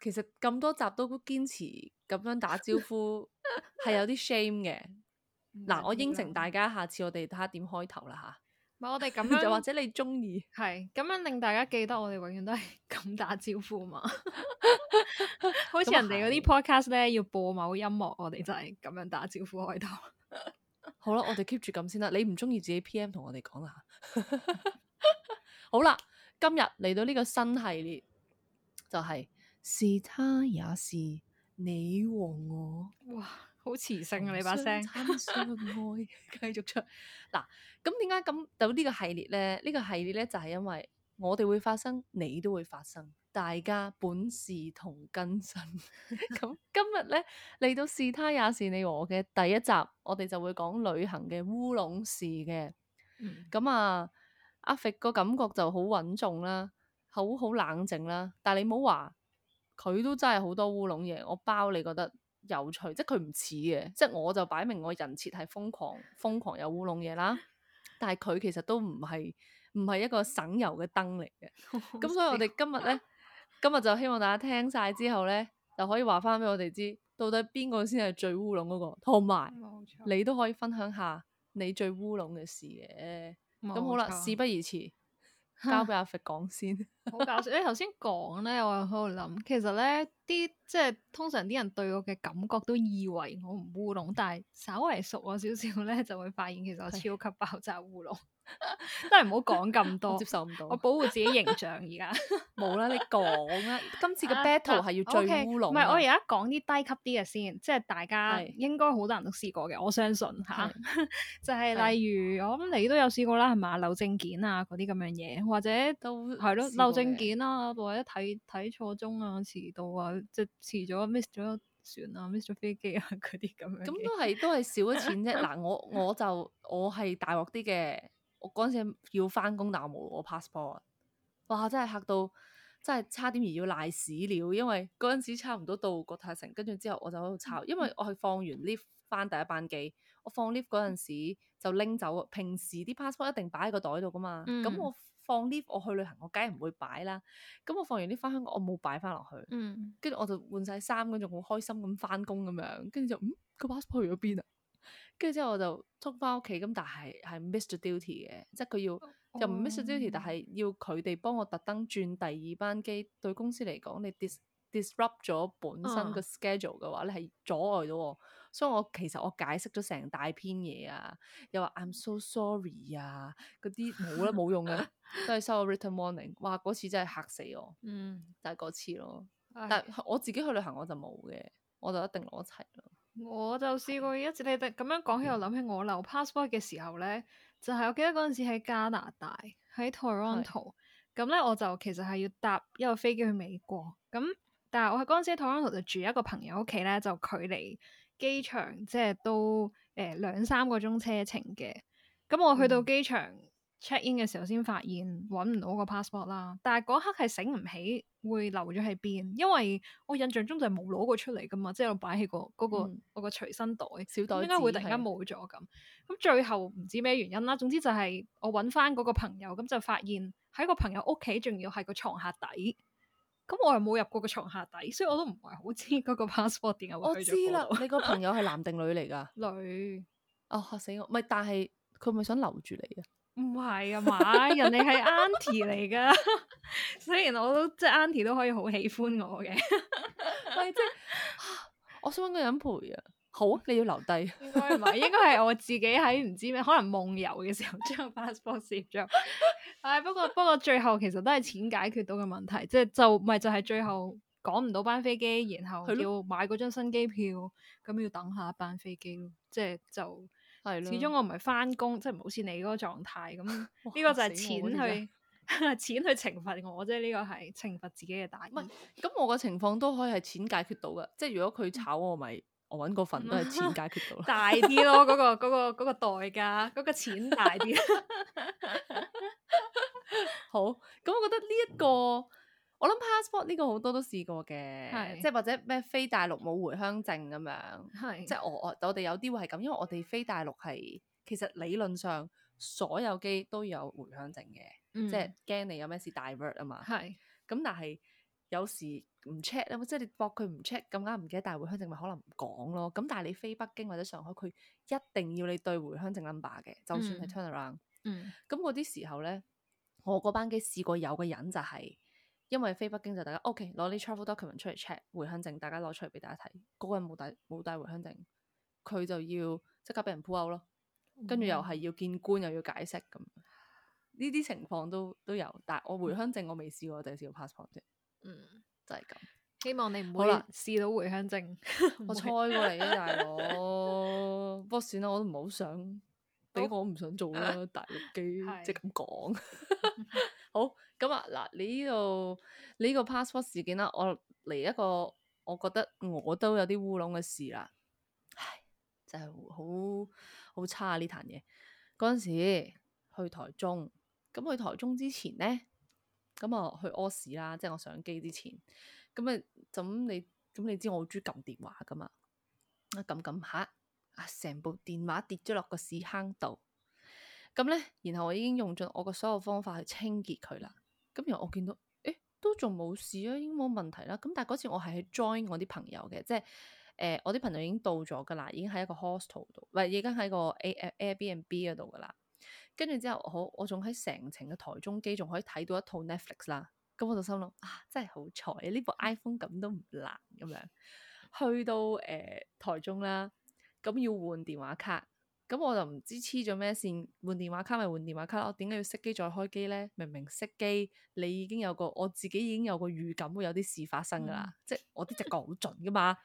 其實咁多集都堅持咁樣打招呼，係 有啲 shame 嘅嗱。我應承大家，下次我哋睇下點開頭啦吓。唔係我哋咁樣， 或者你中意係咁樣令大家記得我哋永遠都係咁打招呼嘛？ 好似人哋嗰啲 podcast 咧，要播某音樂，我哋就係咁樣打招呼開頭。 好啦，我哋 keep 住咁先啦。你唔中意自己 PM 同我哋講啦。 好啦，今日嚟到呢個新系列就係、是。是他也是你和我哇，好磁性啊！你把聲，愛繼 續唱嗱。咁點解咁到呢個系列咧？呢、這個系列咧就係、是、因為我哋會發生，你都會發生，大家本是同根生。咁 今日咧嚟到是他也是你和我嘅第一集，我哋就會講旅行嘅烏龍事嘅。咁、嗯嗯、啊，阿肥 i 個感覺就好穩重啦，好好冷靜啦。但係你唔好話。佢都真係好多烏龍嘢，我包你覺得有趣，即佢唔似嘅，即係我就擺明我人設係瘋狂、瘋狂有烏龍嘢啦。但係佢其實都唔係唔係一個省油嘅燈嚟嘅。咁 所以我哋今日咧，今日就希望大家聽晒之後咧，就可以話翻俾我哋知，到底邊個先係最烏龍嗰個，同埋你都可以分享下你最烏龍嘅事嘅。咁 好啦， 事不宜遲，交俾阿肥講先。好搞笑！你頭先講咧，我喺度諗，其實咧啲即係通常啲人對我嘅感覺都以為我唔烏龍，但係稍微熟稍我少少咧，就會發現其實我超級爆炸烏龍。都係唔好講咁多， 接受唔到。 我保護自己形象而家冇啦，你講啦。今次嘅 battle 係、ah, 要最烏龍。唔係、啊 okay，我而家講啲低級啲嘅先，即係大家應該好多人都試過嘅，我相信吓。是 就係例如，是我諗你都有試過啦，係嘛？漏證件啊，嗰啲咁樣嘢，或者都。係咯漏。證件啦，或者睇睇錯鐘啊，遲到啊，即係遲咗 miss 咗船啊，miss 咗飛機啊，嗰啲咁樣。咁都係都係少咗錢啫。嗱， 我我就我係大鑊啲嘅。我嗰陣時要翻工，但係我冇 passport。哇！真係嚇到，真係差點而要賴屎了。因為嗰陣時差唔多到國泰城，跟住之後我就喺度抄，因為我係放完 lift 翻第一班機。我放 lift 嗰陣時、嗯、就拎走，平時啲 passport 一定擺喺個袋度噶嘛。咁、嗯、我。放 leave 我去旅行，我梗係唔會擺啦。咁我放完啲翻香港，我冇擺翻落去，跟住、嗯、我就換晒衫，跟住好開心咁翻工咁樣。跟住就嗯個 passport 去咗邊啊？跟住之後我就沖翻屋企。咁但係係 Mr. Duty 嘅，即係佢要又唔、哦、Mr. Duty，但係要佢哋幫我特登轉第二班機。對公司嚟講，你 dis disrupt 咗本身個 schedule 嘅話，啊、你係阻礙到我。所以我其實我解釋咗成大篇嘢啊，又話 I'm so sorry 啊，嗰啲冇啦，冇 用嘅，都係收個 written warning 哇，嗰次真係嚇死我。嗯，就係嗰次咯。唉但我自己去旅行我就冇嘅，我就一定攞一齊咯。我就試過一次，你哋咁樣講起，我諗起我留 passport 嘅時候咧，就係、是、我記得嗰陣時喺加拿大喺 Toronto 咁咧，onto, 是我就其實係要搭一個飛機去美國咁，但係我喺嗰陣時喺 Toronto 就住一個朋友屋企咧，就距離。機場即係都誒、欸、兩三個鐘車程嘅，咁我去到機場、嗯、check in 嘅時候，先發現揾唔到個 passport 啦。但係嗰刻係醒唔起會留咗喺邊，因為我印象中就冇攞過出嚟㗎嘛，即係我擺喺、嗰個嗰個我個隨身袋小袋，點解會突然間冇咗咁？咁的最後唔知咩原因啦。總之就係我揾返嗰個朋友，咁就發現喺個朋友屋企，仲要係個床下底。咁我又冇入過個床下底，所以我都唔係好知嗰個 passport 點解會。我知啦，你個朋友係男定女嚟噶？女，哦吓、oh，死我，唔係，但係佢係咪想留住你啊？唔係啊，嘛， 人哋係 auntie 嚟噶，雖然我都即係、就是、auntie 都可以好喜歡我嘅，喂、 就是，即係，我想搵個人陪啊。好，你要留低。應該唔係，應該係我自己喺唔知咩，可能夢遊嘅時候將 passport 攝咗。 唉、哎，不過不過最後其實都係錢解決到嘅問題，即係就唔、是、係就係最後趕唔到班飛機，然後要買嗰張新機票，咁的要等下一班飛機咯。就是、就的即係就係咯，始終我唔係返工，即係唔好似你嗰個狀態咁，呢個就係錢去 錢去懲罰我，即係呢個係懲罰自己嘅大唔係。咁我嘅情況都可以係錢解決到㗎，即係如果佢炒我咪。我揾嗰份都係錢解決到， 大啲咯，嗰、 嗰個、嗰個、嗰個代價，嗰、嗰個錢大啲。 好，咁我覺得呢、呢、一個，我諗 passport 呢個好多都試過嘅，是即係或者咩非大陸冇回鄉證咁樣，係是即係我我哋有啲會係咁，因為我哋非大陸係其實理論上所有機都有回鄉證嘅，嗯、即係驚你有咩事 divert 啊嘛，係咁是但係。有時唔 check 咧，即係你搏佢唔 check，咁啱唔記得帶回鄉證咪可能唔講咯。咁但係你飛北京或者上海，佢一定要你對回鄉證 number 嘅，就算係 turn around 嗯。嗯。咁嗰啲時候咧，我嗰班機試過有個人就係、係、因為飛北京就大家 O、okay, K 攞啲 travel document 出嚟 check 回鄉證，大家攞出嚟俾大家睇。嗰、嗰個人冇帶冇帶回鄉證，佢就要即刻俾人鋪歐咯。跟住、嗯、又係要見官，又要解釋咁。呢啲情況都都有，但係我回鄉證我未試過，就係試過 passport 啫。嗯，就係咁。希望你唔好啦，試到回鄉證， 我猜過嚟嘅大佬，不過算啦，我都唔好想，俾我唔想做啦， 大陸機即係咁講。好，咁啊嗱，你呢度你呢個、這個、passport 事件啦，我嚟一個，我覺得我都有啲烏龍嘅事啦，唉，真係好好差啊呢壇嘢。嗰陣時去台中，咁去，去台中之前咧。咁啊，嗯、我去屙屎啦，即係我上機之前，咁、嗯、啊，咁、嗯、你咁、嗯、你知我好中意撳電話噶嘛，一撳下，啊，成部電話跌咗落個屎坑度，咁、嗯、咧，然後我已經用盡我個所有方法去清潔佢啦，咁、嗯、然後我見到，誒、欸，都仲冇事啊，應該冇問題啦，咁但係嗰次我係去 join 我啲朋友嘅，即係誒、呃，我啲朋友已經到咗噶啦，已經喺一個 hostel 度，唔係已經喺個 Air a B and B 嗰度噶啦。跟住之後，好我我仲喺成程嘅台中機，仲可以睇到一套 Netflix 啦。咁我就心諗啊，真係好彩，呢部 iPhone 咁都唔難咁樣。去到誒、呃、台中啦，咁要換電話卡，咁我就唔知黐咗咩線，換電話卡咪換電話卡咯。點解要熄機再開機咧？明明熄機，你已經有個我自己已經有個預感會有啲事發生噶啦，嗯、即係我啲直覺好準噶嘛。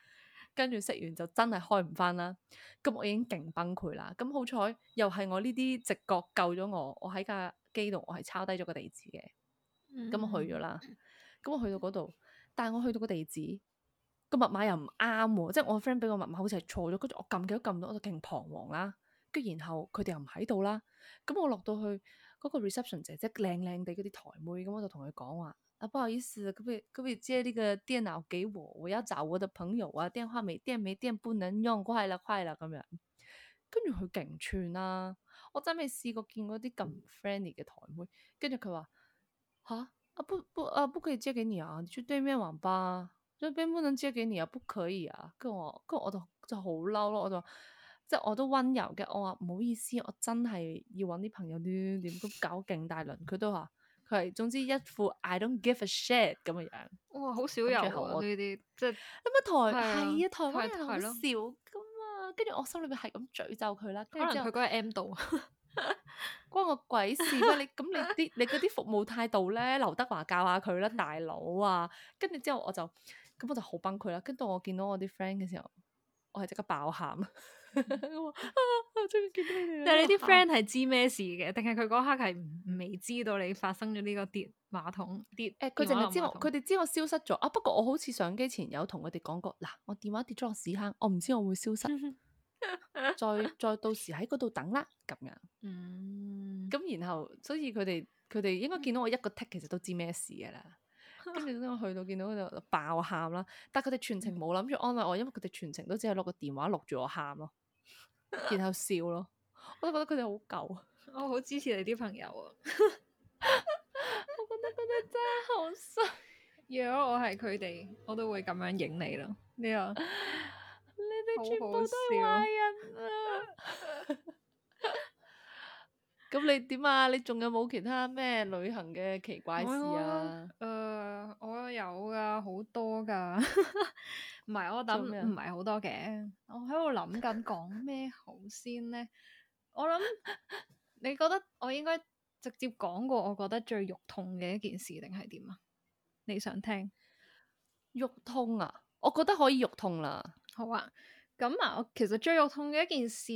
跟住食完就真係開唔翻啦，咁我已經勁崩潰啦。咁好彩又係我呢啲直覺救咗我，我喺架機度我係抄低咗個地址嘅，咁我去咗啦。咁我去到嗰度，但係我去到個地址個密碼又唔啱喎，即係我 friend 俾我密碼好似係錯咗。跟住我撳幾多撳到，我就勁彷徨啦。跟住然後佢哋又唔喺度啦，咁我落到去嗰、那個 reception 姐即係靚靚地嗰啲台妹，咁我就同佢講話。啊，不好意思，可不可以，可不可以借這個電腦給我，我要找我的朋友啊，電話沒電，沒電不能用，壞了壞了，咁樣，跟住佢勁串啦，我真係未試過見過啲咁 friendly 嘅台妹，跟住佢話吓，阿、啊、不，不，啊，不可以借俾你啊，你去對面網吧，這邊不能借俾你啊，不可以啊，跟住我跟住我就就好嬲咯，我就話即係我都溫柔嘅，我話唔好意思，我真係要搵啲朋友點點點咁搞勁大輪，佢都話。佢係總之一副 I don't give a shit 咁嘅樣，哇，少就是、好少有呢啲，即係乜台係啊台灣人好少噶嘛，跟住我心裏面係咁詛咒佢啦，跟住佢嗰個 M 度 關我鬼事咩？ 你咁你啲你啲服務態度咧，劉德華教下佢啦，大佬啊，跟住 之後我就咁我就好崩潰啦，跟到我見到我啲 friend 嘅時候，我係即刻爆喊。 我、啊、我見到你，但係你啲 friend 係知咩事嘅？定係佢嗰刻係未知道你發生咗呢個跌馬桶跌？佢淨係知我，佢哋桶知我消失咗啊！不過我好似上機前有同佢哋講過嗱，我電話跌咗落屎坑，我唔知我會消失， 再再到時喺嗰度等啦咁樣。咁、嗯、然後所以佢哋佢哋應該見到我一個 tick，其實都知咩事噶啦。跟住我去到見到就爆喊啦。但係佢哋全程冇諗住安慰我，因為佢哋全程都只係攞個電話錄住我喊咯。然後笑咯，我都覺得佢哋好舊啊！我好、oh, 支持你啲朋友啊！ 我覺得佢哋真係好衰。 如果我係佢哋，我都會咁樣影你咯。Yeah. 你,啊, 你啊，你哋全部都係壞人啊！咁你點啊？你仲有冇其他咩旅行嘅奇怪事啊？誒，oh, uh, uh, 我有噶，好多噶。 唔係，我等唔係好多嘅。我喺度諗緊講咩好先咧？我諗 你覺得我應該直接講過，我覺得最肉痛嘅一件事，定係點啊？你想聽肉痛啊？我覺得可以肉痛啦。好啊，咁啊，我其實最肉痛嘅一件事，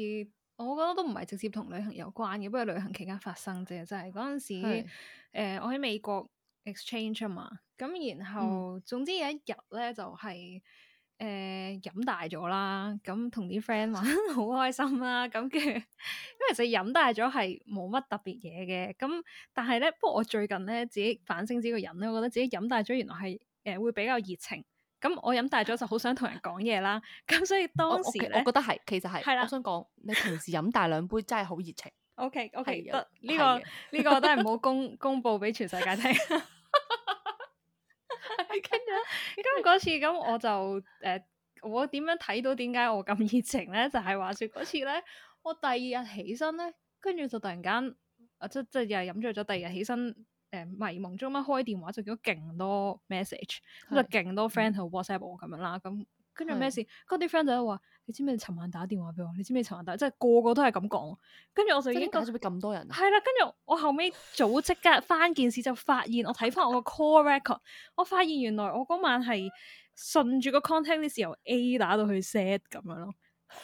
我覺得都唔係直接同旅行有關嘅，不過旅行期間發生啫。就係嗰陣時，誒是、呃，我喺美國 exchange 吖嘛，咁然後、嗯、總之有一日咧就係、是。誒，呃、飲大咗啦，咁同啲 friend 玩好開心啦，啊，咁嘅，因為其實飲大咗係冇乜特別嘢嘅，咁但係咧，不過我最近咧自己反省自己個人咧，我覺得自己飲大咗原來係誒、呃、會比較熱情，咁我飲大咗就好想同人講嘢啦，咁所以當時我，okay, 我覺得係，其實係，係啦，我想講你平時飲大兩杯真係好熱情 ，OK OK，呢個呢個都係唔好公 公佈俾全世界聽。 跟住咧，咁嗰 次咁我就誒、 呃，我點樣睇到點解我咁熱情咧？就係、是、話説嗰次咧，我第二日起身咧，跟住就突然間，即即係又飲醉咗，第二日起身誒、呃、迷夢中咧開電話就見到勁多 message，咁是就勁多 friend 同 WhatsApp 我咁樣啦，咁、嗯。跟住咩事？嗰啲 friend 就喺話：的你知唔知？尋晚打電話俾我，你知唔知？尋晚打，即、就、係、是、個個都係咁講。跟住我就已經覺得，做咁多人、啊？係啦，跟住我後尾組織嘅翻件事，就發現我睇翻我個 call record，我發現原來我嗰晚係順住個 contact l s 時由 A 打到去 set 咁樣咯。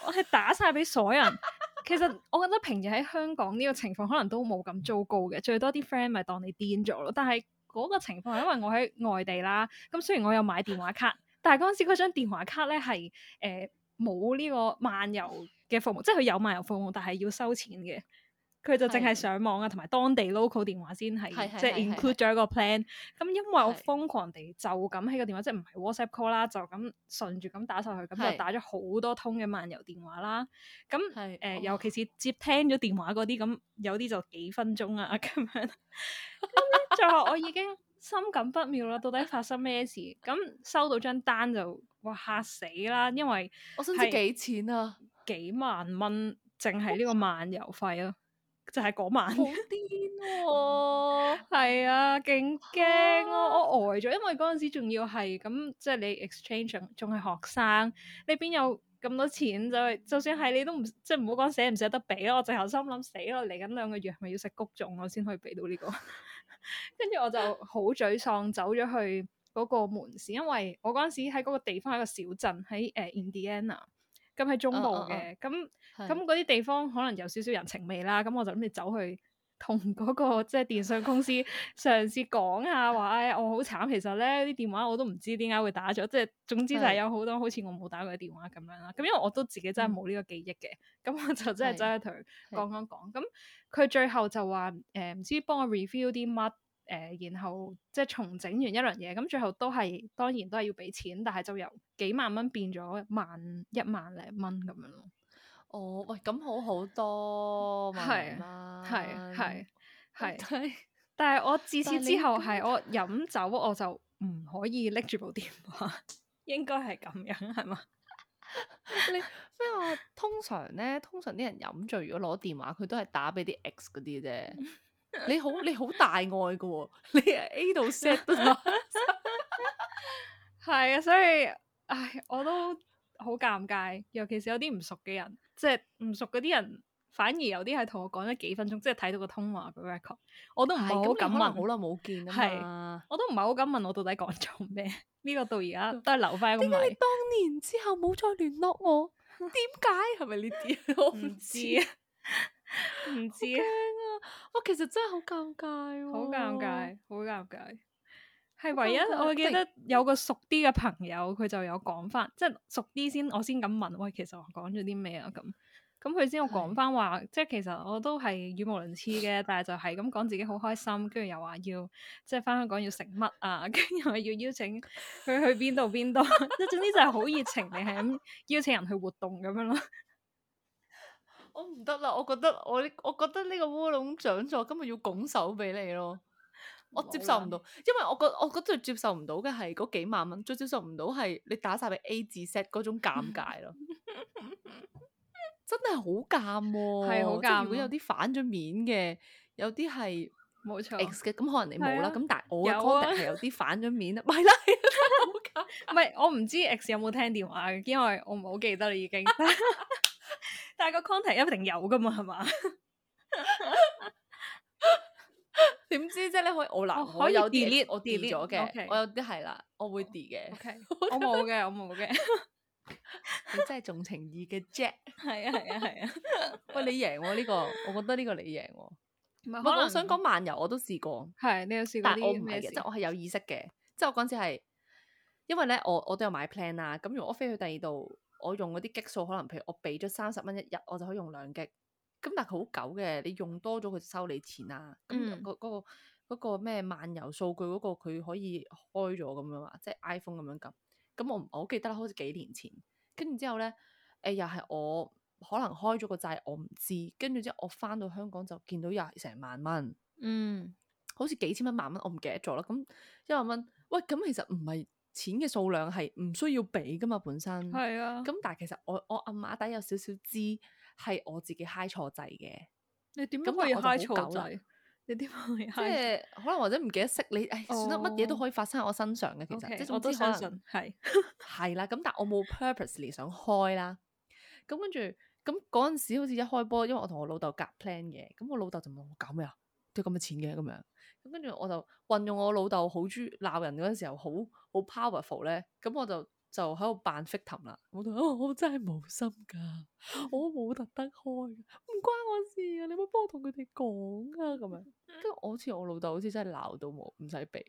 我係打晒俾所有人。 其實我覺得，平時喺香港呢、這個情況，可能都冇咁糟糕嘅，最多啲 friend 咪當你 d 咗咯。但係嗰個情況係的因為我喺外地啦，咁雖然我有買電話卡。 但係嗰陣時嗰張電話卡咧係誒冇呢個漫遊嘅服務，即係佢有漫遊服務，但係要收錢嘅。佢就淨係上網啊，同埋的當地 local 電話先係即係 include 咗一個 plan。咁的因為我瘋狂地就咁起個電話，即係唔係 WhatsApp call 啦，就咁順住咁打上去，咁就的打咗好多通嘅漫遊電話啦。咁誒的、呃、尤其是接聽咗電話嗰啲，咁有啲就幾分鐘啊咁樣。咁最後我已經。 心感不妙啦，到底發生咩事？咁 收到張單就哇嚇死啦，因為我知幾錢 啊？幾萬蚊，淨係呢個漫遊費咯，就係嗰晚。好癲喎！係啊，勁驚咯、啊！ 我呆咗，因為嗰陣時仲要係咁，即係你 exchange 仲係學生，你邊有咁多錢，再就算係你都唔即係唔好講，捨唔捨得俾咯？我最後心諗死咯，嚟緊兩個月係咪要食谷種我先可以俾到呢、呢個？ 跟住 我就好沮喪，走咗去嗰個門市，因為我嗰陣時喺嗰個地方，係一個小鎮喺誒 Indiana，咁、嗯、喺中部嘅，咁咁嗰啲地方可能有少少人情味啦，咁、嗯、我就諗住走去。同嗰、那個即係電信公司嘗試講下，話唉，我好慘，其實咧啲電話我都唔知點解會打咗，即係總之就係有好多好似我冇打過嘅電話咁樣啦。咁的因為我都自己真係冇呢個記憶嘅，咁、嗯、我就真係真係同佢講講講。咁佢的最後就話誒唔知幫我 review 啲乜誒、呃，然後即係重整完一輪嘢，咁最後都係當然都係要俾錢，但係就由幾萬蚊變咗萬一萬零蚊咁樣咯。哦，oh, 喂，咁好好多，係啊，係係係，但係我自此之後係我飲酒，我就唔可以拎住部電話，應該係咁樣，係嘛？你，因為我通常咧，通常啲人飲醉如果攞電話，佢都係打俾啲 X 嗰啲啫。 你好，你好大愛噶喎，你係 A 度 set 啊，係啊，所以，唉，我都好尷尬，尤其是有啲唔熟嘅人。即係唔熟嗰啲人，反而有啲係同我講咗幾分鐘，即係睇到個通話嘅 record， 我都唔係好敢問，好耐冇見啊嘛，係，我都唔係好敢問我到底講咗咩？呢、這個到而家都係留翻。點解 你當年之後冇再聯絡我？點解係咪呢啲？係咪你 我唔知啊，唔 知，道 知道 啊。我其實真係、啊、 好尷尬。好尷尬，好尷尬。係唯一我記得有個熟啲嘅朋友，佢就有講翻，即係熟啲先，我先咁問，喂，其實我講咗啲咩啊？咁咁佢先有講翻話，的即係其實我都係語無倫次嘅，但係就係咁講自己好開心，跟住又話要即係翻香港要食乜啊，跟住又話要邀請佢去邊度邊度，即 總之就係好熱情， 你係咁邀請人去活動咁樣咯。我唔得啦，我覺得我我覺得呢個烏龍獎座今日要拱手俾你咯。我接受唔到，因為我覺我覺得接受唔到嘅係嗰幾萬蚊，最接受唔到係你打晒畀 A 字 set 嗰種尷尬咯， 真係好尷喎，係好尷。如果有啲反咗面嘅，有啲係冇錯 X 嘅，咁可能你冇啦。咁、啊、但係我嘅 contact 係有啲、啊、反咗面啦，係啦， 好尷。唔係我唔知 X 有冇聽電話嘅，因為我唔好記得啦，已經。 但係個 contact 一定有噶嘛，係嘛？ 點知即係咧？可以我嗱，我有 delete，我 delete 咗嘅，我有啲係啦，我會 delete 嘅，我冇嘅，我冇嘅，你真係重情義嘅 Jack，係啊係啊係啊，喂，你贏呢個，我覺得呢個你贏，我我想講漫遊我都試過，係你有試過啲咩事？即我係有意識嘅，即係我嗰次係，因為咧我我都有買 plan 啦，咁如果我飛去第二度，我用嗰啲激數，可能譬如我俾咗三十蚊一日，我就可以用兩激。咁但係好久嘅，你用多咗佢就收你錢啊！咁、那個嗰、嗯那個咩、那個、漫遊數據嗰、那個佢可以開咗咁樣啊，即係 iPhone 咁樣撳。咁我唔好記得啦，好似幾年前。跟住之後咧，誒、呃、又係我可能開咗個債我，我唔知。跟住之後我翻到香港就見到又係成萬蚊，嗯，好似幾千蚊萬蚊，我唔記得咗啦。咁一萬蚊，喂，咁其實唔係錢嘅數量，係唔需要俾噶嘛，本身係是啊。咁但係其實我我暗碼底有少少知。係我自己嗨錯掣嘅，你點解會嗨錯掣？你點解會嗨？即係可能或者唔記得識你，誒、哎，算得乜嘢都可以發生喺我身上嘅，其實 okay, 即係總之啦，係係啦，咁但係我冇 purposely 想開啦。咁跟住咁嗰陣時好似一開波，因為我同我老豆夾 plan 嘅，咁我老豆就問我搞咩啊？都咁嘅錢嘅咁樣，咁跟住我就運用我老豆好鍾鬧人嗰陣時候好好 powerful 咧，咁我就。就喺度扮 fitting 啦，我同佢話我真係冇心噶，我冇特登開，唔關我事啊，你可唔可以幫我同佢哋講啊？咁樣，跟住我好似我老豆好似真係鬧到冇，唔使俾，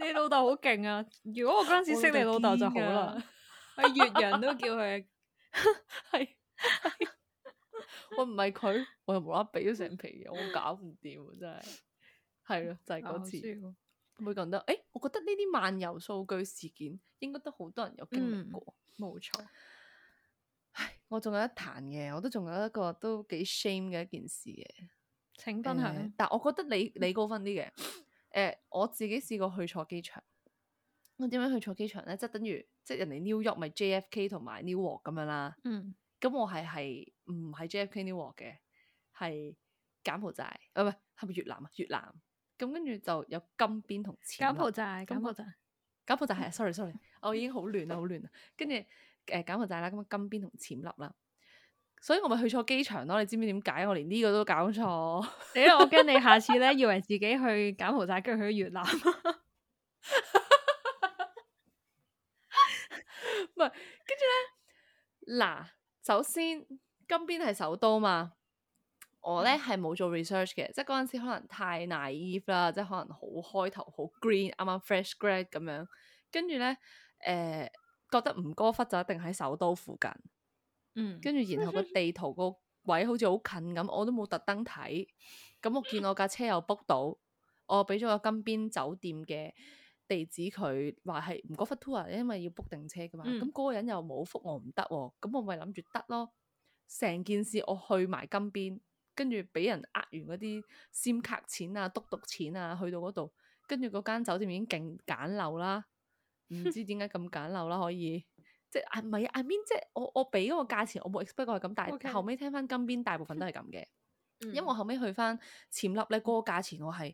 你老豆好勁啊！如果我嗰陣時識你老豆就好啦，我、啊啊、越人都叫佢係，我唔係佢，我又無啦啦俾咗成皮嘢，我搞唔掂真係，係咯，就係、是、嗰次。每個人都，誒、欸，我覺得呢啲漫遊數據事件，應該都好多人有經歷過，冇錯、嗯。錯唉，我仲有一談嘅，我都仲有一個都幾 shame 嘅一件事嘅，請分享、呃。但我覺得你你高分啲嘅，誒、呃，我自己試過去錯機場。我點樣去錯機場咧？即係等於即係人哋 New York 咪 J F K 同埋 Newark 咁樣啦。嗯。咁我係係唔係 J F K Newark 嘅，係柬埔寨，唔係係咪越南啊？越南。咁跟住就有金邊同暹。柬埔寨，柬埔寨，柬後 埔寨係，sorry，sorry，我、oh, 已經好亂啦，好亂啦。跟住誒柬埔寨啦，咁啊金邊同暹粒啦。所以我咪去錯機場咯，你知唔知點解？我連呢個都搞錯， 我驚你下次咧以為自己去柬埔寨跟住去咗越南唔係，跟住咧嗱，首先金邊係首都嘛。我咧係冇做 research 嘅，即係嗰陣時可能太 naive 啦，即係可能好開頭好 green，啱啱 fresh grad 咁樣，跟住咧誒覺得吳哥窟就一定喺首都附近，嗯，跟住然後個地圖個位好似好近咁，我都冇特登睇。咁我見我架車又 book 到，我俾咗個金邊酒店嘅地址，佢話係吳哥窟 tour，因為要 book 定車噶嘛。咁嗰、嗯、個人又冇覆我唔得喎，咁、喔、我咪諗住得咯。成件事我去埋金邊。跟住俾人呃完嗰啲先卡錢啊，督篤錢啊，去到嗰度，跟住嗰間酒店已經勁簡陋啦，唔知點解咁簡陋啦，可以， 即係唔係啊？I mean 即係我我俾嗰個價錢，我冇 expect 過係咁大。但係後屘聽翻金邊大部分都係咁嘅，Okay. 因為我後尾去翻暹粒咧，嗰個價錢我係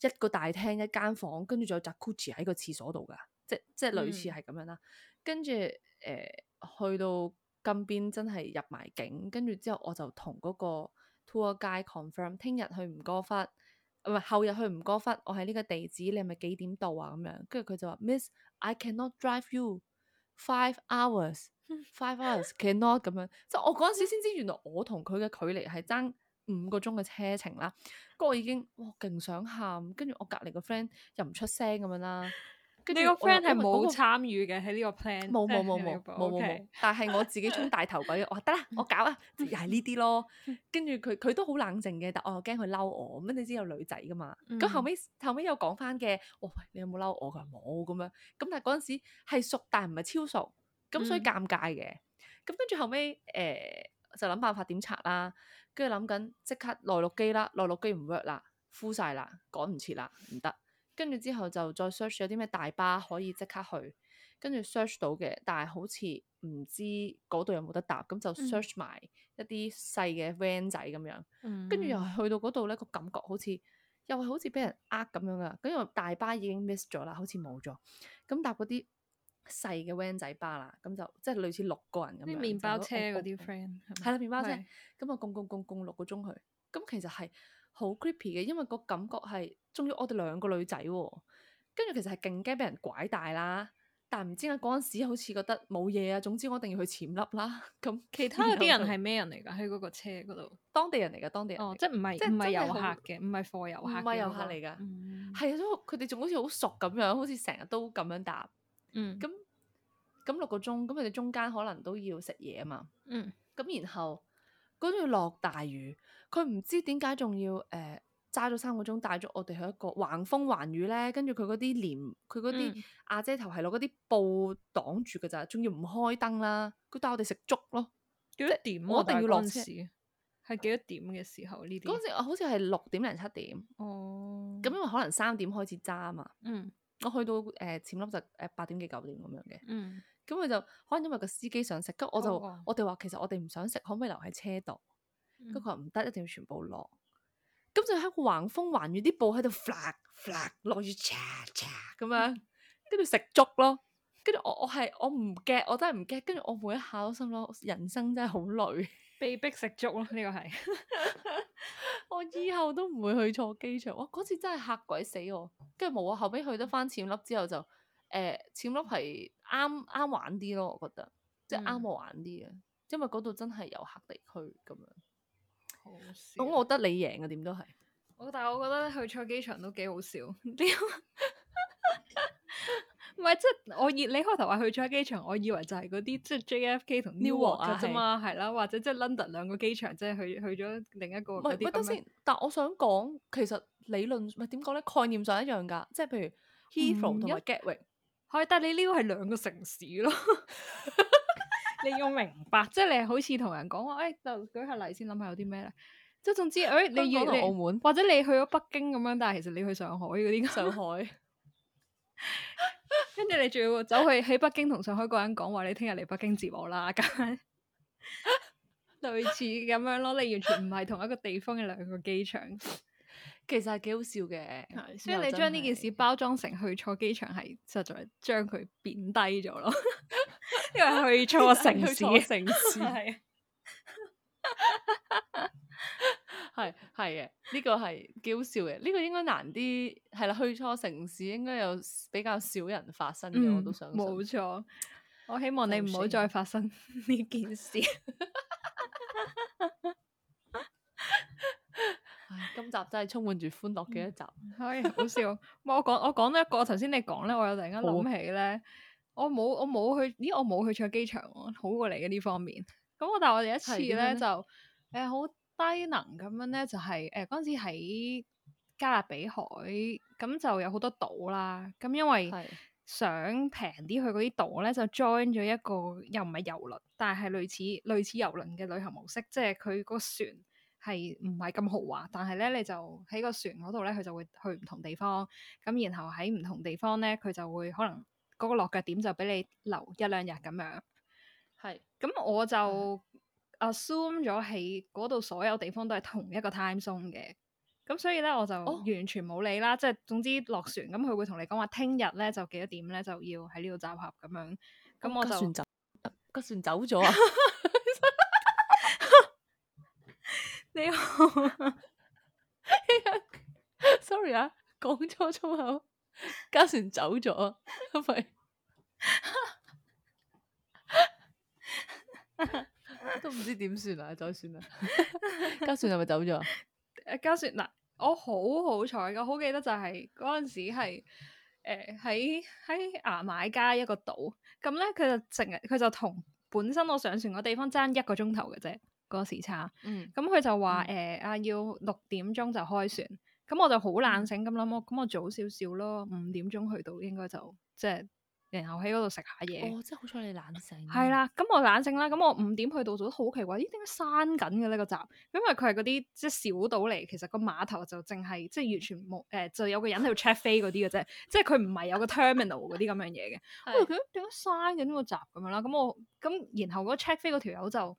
一個大廳 一間房，跟住仲有 Jacuzzi 喺個廁所度噶，即即係類似係咁樣啦。跟住誒去到金邊真係入埋境，跟住之後我就同嗰個。to a guy confirm 聽日去吳哥窟，唔係後日去吳哥窟。我喺呢個地址，你係咪幾點到啊？咁樣跟住佢就話 ，Miss，I cannot drive you five hours，five hours cannot 咁樣。 即我嗰陣時先知，原來我同佢嘅距離係爭五個鐘嘅車程啦。嗰我已經哇勁想喊，跟住我隔離個 friend 又唔出聲咁樣啦。 接你個 friend 係冇參與嘅喺呢個 plan，冇冇冇冇冇冇冇，Okay. 但係我自己充大頭鬼， 我話得啦，我搞啊，又係呢啲咯。跟住佢佢都好冷靜嘅，但我又驚佢嬲我，咁你知有女仔噶嘛？咁、嗯、後尾後尾又講翻嘅，我、哦、喂你有冇嬲我㗎？冇咁樣。咁但係嗰陣時係熟，但係唔係超熟，咁所以尷尬嘅。咁跟住後尾，誒、呃、就諗辦法點拆啦。跟住諗緊即刻內陸機啦，內陸機唔 work 啦，full 晒啦，趕唔切啦，唔得。跟住之後就再 search 有啲咩大巴可以即刻去，跟住 search 到嘅，但係好似唔知嗰度有冇得搭，咁就 search 埋一啲細嘅 van 仔咁樣。跟住、嗯、又去到嗰度咧，個感覺好似又係好似俾人呃咁樣啊！咁因為大巴已經 miss 咗啦，好似冇咗，咁搭嗰啲細嘅 van 仔巴啦，咁就即係類似六個人咁樣。啲麪包車嗰啲 friend。係啦吧，麵包車，咁啊是，我共，共共共共六個鐘去，咁其實係。好 creepy 嘅，因為個感覺係，仲要我哋兩個女仔喎、哦，跟住其實係勁驚俾人拐帶啦，但唔知點解嗰陣時好似覺得冇嘢啊，總之我一定要去潛粒啦。咁 其他嗰啲人係咩人嚟㗎？喺嗰個車嗰度，當地人嚟㗎，當地人，即係唔係唔係遊客嘅，唔係貨遊客，唔係遊客嚟㗎，係啊、嗯，佢哋仲好似好熟咁樣，好似成日都咁樣搭。嗯，咁咁六個鐘，咁佢哋中間可能都要食嘢啊嘛。嗯，咁然後。嗰陣要落大雨，佢唔知點解仲要誒揸咗三個鐘，帶咗我哋去一個橫風橫雨咧。跟住佢嗰啲簾，佢嗰啲阿姐頭係攞嗰啲布擋住嘅咋，仲、嗯、要唔開燈啦。佢帶我哋食粥咯。幾多點、啊？我一定要落車。係幾、啊、多點嘅時候呢啲？嗰陣我好似係六點零七點。哦、嗯。咁因為可能三點開始揸啊嘛。嗯。我去到誒暹粒就誒八點幾九點咁樣嘅。嗯。咁佢就可能因為個司機想食，咁我就、哦、我哋話其實我哋唔想食，可唔可以留喺車度？跟佢話唔得，一定要全部落。咁就喺個橫風橫雨啲布喺度 flap flap 落雨查查咁樣，跟住食粥咯。跟住我我係我唔驚我真係唔驚跟住我每一下都心諗人生真係好累，被逼食粥咯。呢、這個係 我以後都唔會去錯機場。我嗰次真係嚇鬼死我，跟住冇啊。後尾去得翻淺粒之後就。誒、呃，潛窟係啱啱玩啲咯，我覺得即係啱我玩啲嘅，嗯、因為嗰度真係遊客地區咁樣好笑。咁我覺得你贏嘅、啊、點都係，我但係我覺得去錯機場都幾好笑。唔係 即係我以你開頭話去錯機場，我以為就係嗰啲即係 J F K 同 New y r k 啊，啫嘛係啦，或者即係 London 兩個機場，即係去去咗另一個嗰啲咁樣。但我想講其實理論唔係點講咧，概念上一樣㗎，即係譬如 Heathrow 同埋 Gatwick 係，但係你呢個係兩個城市咯 你要明白， 即係你好似同人講話，誒、哎，就舉下例先，諗下有啲咩咧。即係總之，誒、哎，你要嚟澳門， 或者你去咗北京咁樣，但係其實你去上海嗰啲， 上海，跟 住你仲要走去喺北京同上海嗰人講話，你聽日嚟北京接我啦，咁 樣類似咁樣咯。你完全唔係同一個地方嘅兩個機場。 其實係幾好笑嘅，所以你將呢件事包裝成去錯機場，係實在將佢貶低咗咯。 因為去錯城市，去錯城市係係嘅，呢的、 這個係幾好笑嘅。呢、這個應該難啲，係啦，去錯城市應該有比較少人發生嘅。嗯、我都想講，冇錯，我希望你唔好再發生呢件事。像 唉，今集真係充滿住歡樂嘅一集，係、嗯嗯哎、好笑。唔 我講，我講咗一個，頭先你講咧，我又突然間諗起咧好，我冇我冇去，咦我冇去坐機場喎，好過嚟嘅呢方面。咁 我但係我哋一次咧就誒好、呃、低能咁樣咧，就係誒嗰陣時喺加勒比海，咁就有好多島啦。咁因為想平啲去嗰啲島咧，就 join 咗一個又唔係遊輪，但係係類似類似遊輪嘅旅行模式，即係佢個船。係唔係咁豪華？但係咧，你就喺個船嗰度咧，佢就會去唔同地方，咁然後喺唔同地方咧，佢就會可能嗰個落腳點就俾你留一兩日咁樣。係是，咁我就 assume 咗喺嗰度所有地方都係同一個 time zone 嘅，咁所以咧我就完全冇理啦。即係、哦、總之落船，咁佢會同你講話，聽日咧就幾多點咧就要喺呢度集合咁樣。咁我就個、哦、船走，個船走咗啊！ 你好，依 sorry 啊，講錯粗口，㗎船走咗，係咪？ 都唔知點算啊，再算啦。㗎船係咪走咗？誒，㗎船嗱，我好好彩，我好記得就係嗰陣時係誒喺喺牙買加一個島，咁呢，佢就成日佢就同本身我上船個地方爭一個鐘頭嘅啫。個時差，咁佢就話誒啊，要六點鐘就開船。咁我就好懶醒咁諗，我咁我早少少咯，五點鐘去到應該就即係，然後喺嗰度食下嘢。哦，真係好彩你懶醒。係啦，咁我懶醒啦。咁我五點去到，我都好奇怪，咦？點解閂緊嘅呢個閘？因為佢係嗰啲即係小島嚟，其實個碼頭就淨係即係完全冇誒，就有個人喺度 check 飛嗰啲嘅啫，即係佢唔係有個 terminal 嗰啲咁樣嘢嘅。佢點解閂緊呢個閘咁樣啦？咁我咁然後嗰 check 飛嗰條友就。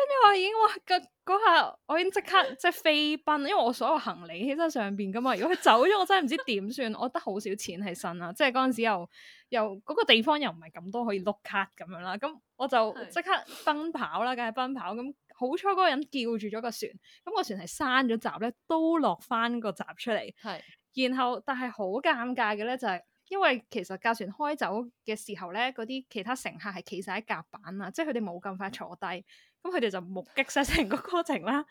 跟住我已經哇，嗰下我已經即刻即係飛奔，因為我所有行李喺身上邊噶嘛。如果佢走咗，我真係唔知點算。 我得好少錢喺身啦，即係嗰陣時又又嗰個地方又唔係咁多可以碌卡咁樣啦。咁我就即刻奔跑啦，梗係奔跑。咁好彩嗰個人叫住咗個船，咁個船係閂咗閘咧，都落翻個閘出嚟。係。然後但係好尷尬嘅咧，就係因為其實架船開走嘅時候咧，嗰啲其他乘客係企晒喺甲板啊，即係佢哋冇咁快坐低。咁佢哋就目擊晒成個過程啦。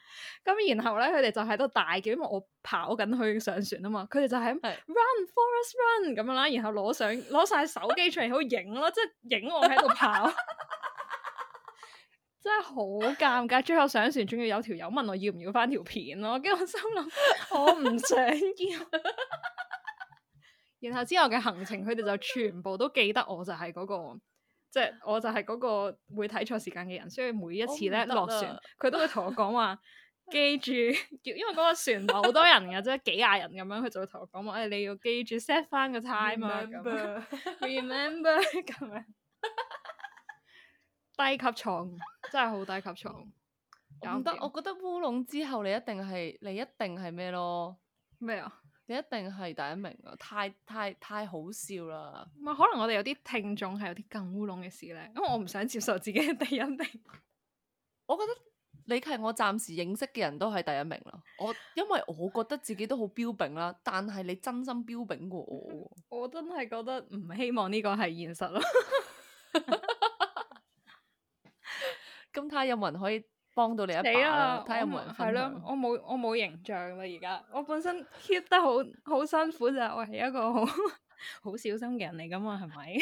咁然後咧，佢哋就喺度大叫，因為我跑緊去上船啊嘛。佢哋就喺 Run, Forrest, Run 咁樣啦。然後攞上攞晒手機出嚟去影咯，即係影我喺度跑， 真係好尷尬。最後上船，仲要有條友問我要唔要翻條片咯。跟住我心諗， 我唔想要。 然後之後嘅行程，佢哋就全部都記得我，我就係嗰個。即係我就係嗰個會睇錯時間嘅人，所以每一次咧落船，佢都會同我講話，記住，因為嗰個船好多人噶，即係 幾廿人咁樣，佢就會同我講話，誒、 哎、你要記住 set 翻個 time 啊 remember，remember 咁樣。低級錯誤真係好低級錯誤。我，有有我覺得我覺得烏龍之後你一定係你一定係咩咯？咩啊？你一定係第一名㗎！太太太好笑啦！咪可能我哋有啲聽眾係有啲更烏龍嘅事呢？因為我唔想接受自己嘅第一名。 我覺得你係我暫時認識嘅人都係第一名啦。我因為我覺得自己都好標炳啦，但係你真心標炳過我。我真係覺得唔希望呢個係現實咯。咁 睇 有冇人可以？幫到你一排睇下有冇人，係咯，我冇我冇形象啦。而家我本身 keep 得好好辛苦，就我係一個好小心嘅人嚟噶嘛，係咪？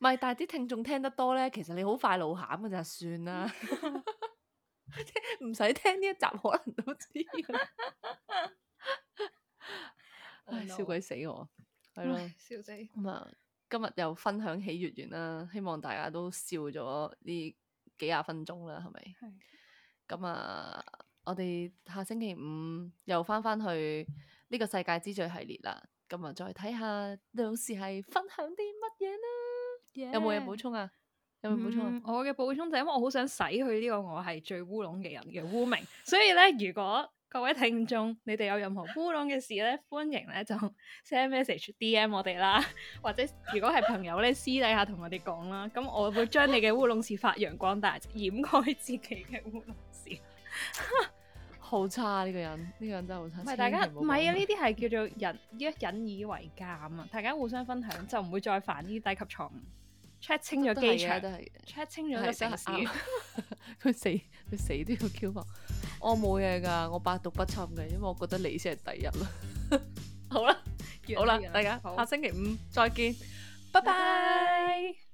唔係，但係啲聽眾聽得多咧，其實你好快露餡嘅，就算啦。唔使、嗯、 聽呢一集，可能都知。 唉，笑鬼死我，係咯、嗯。笑死。咁啊、嗯嗯，今日又分享喜悅完啦，希望大家都笑咗啲。幾廿分鐘啦，係咪？咁是啊，我哋下星期五又翻翻去呢個世界之最系列啦。咁啊，再睇下，到時係分享啲乜嘢啦？有冇嘢補充啊？有冇補充啊？嗯、我嘅補充就係因為我好想洗去呢個我係最烏龍嘅人嘅污 名，所以咧，如果各位聽眾，你哋有任何烏龍嘅事咧，歡迎咧就 send message DM 我哋啦，或者如果係朋友咧私底下同我哋講啦，咁我會將你嘅烏龍事發揚光大，掩蓋自己嘅烏龍事。好 差呢、啊呢個人，呢、呢個人真係好差。唔係大家，唔係啊，呢啲係叫做人一引以為鑒啊，大家互相分享就唔會再犯呢啲低級錯誤。check 清咗機場，check 清咗個城市。佢死。 佢死都要 Q 我，我冇嘢㗎，我百毒不侵嘅，因為我覺得你先係第一啦。 好啦了，了好啦了，大家好下星期五再見，拜拜。